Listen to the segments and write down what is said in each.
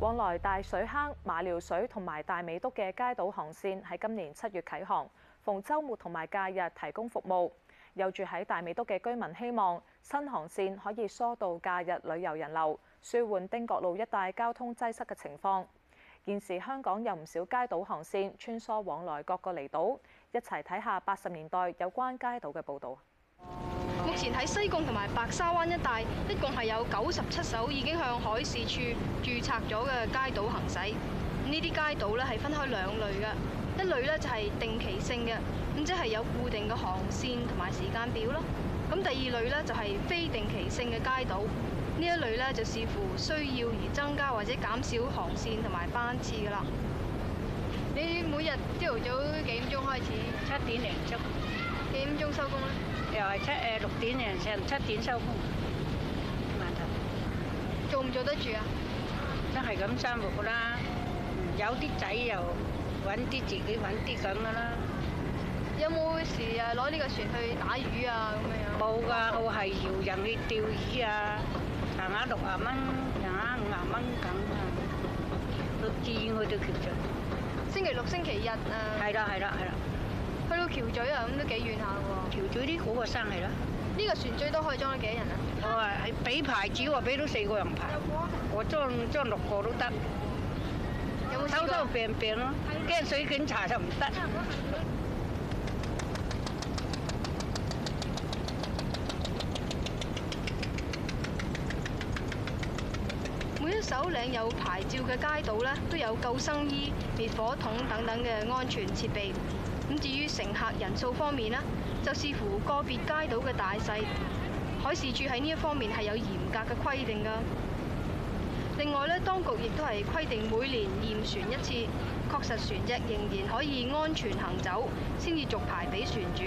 往來大水坑、馬料水同埋大美督嘅街渡航線喺今年七月啟航，逢周末同埋假日提供服務。有住喺大美督嘅居民希望新航線可以疏導假日旅遊人流，舒緩汀角路一帶交通擠塞嘅情況。現時香港有唔少街渡航線穿梭往來各個離島，一齊睇下八十年代有關街渡嘅報道。目前喺西貢同埋白沙灣一帶，一共係有九十七艘已經向海事處註冊咗嘅街渡行駛。呢啲街渡咧係分開兩類嘅，一類咧就係定期性嘅，咁即係有固定嘅航線同埋時間表咯。咁第二類咧就係非定期性嘅街渡。呢一類咧就視乎需要而增加或者減少航線同埋班次噶啦。你每日朝頭早幾點鐘開始？七點零鐘。幾點鐘收工咧？又係七誒六點人成七點收工，問題，做唔做得住啊？都係咁生活噶啦，有啲仔又揾啲自己揾啲咁噶啦。有冇時啊攞呢個船去打魚啊咁樣？冇噶，我係搖人去釣魚啊，行下六啊蚊，行下五啊蚊咁啊，都自然去到船上。星期六、星期日啊。係啦，係啦，係啦。去到橋咀啊！咁都幾遠下喎。橋咀啲嗰個山係啦。呢個船最多可以裝幾多人啊？我話係俾牌子喎，俾到四個人牌。我裝裝六個都得，偷偷變變咯。驚水警察就唔得。每一艘領有牌照嘅街渡咧，都有救生衣、滅火筒等等嘅安全設備。咁至於乘客人數方面咧，就視乎個別街渡嘅大細。海事處喺呢一方面係有嚴格嘅規定㗎。另外咧，當局亦都係規定每年驗船一次，確實船隻仍然可以安全行走，先至續牌俾船主。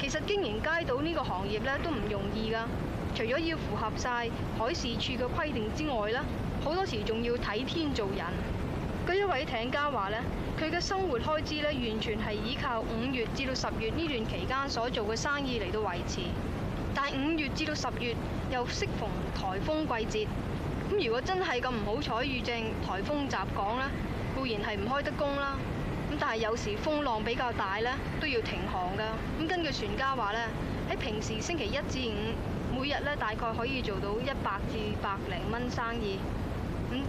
其實經營街渡呢個行業呢都唔容易㗎，除咗要符合晒海事處嘅規定之外咧，好多時仲要睇天做人。據一位艇家話呢。佢嘅生活開支咧，完全係依靠五月至到十月呢段期間所做嘅生意嚟到維持。但係五月至到十月又適逢颱風季節，如果真係咁唔好彩遇正颱風襲港咧，固然係唔開得工啦。咁但係有時風浪比較大咧，都要停航噶。咁根據船家話咧，喺平時星期一至五每日咧大概可以做到一百至百零蚊生意。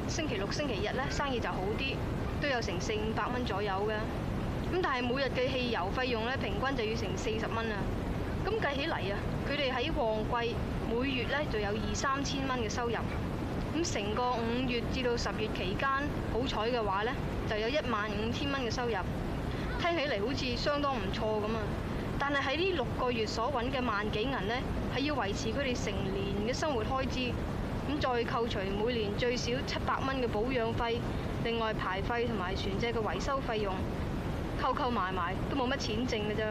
星期六、星期日咧生意就好啲。都有成四五百蚊左右嘅，咁但係每日嘅汽油費用咧，平均就要成四十蚊啦。咁計起嚟啊，佢哋喺旺季每月咧就有二三千蚊嘅收入。咁成個五月至到十月期間，好彩嘅話咧，就有一萬五千蚊嘅收入。聽起嚟好似相當唔錯咁啊！但係喺呢六個月所揾嘅萬幾銀咧，係要維持佢哋成年嘅生活開支。再扣除每年最少七百蚊嘅保養費，另外排費同埋船隻嘅維修費用，扣扣埋埋都冇乜錢剩嘅啫。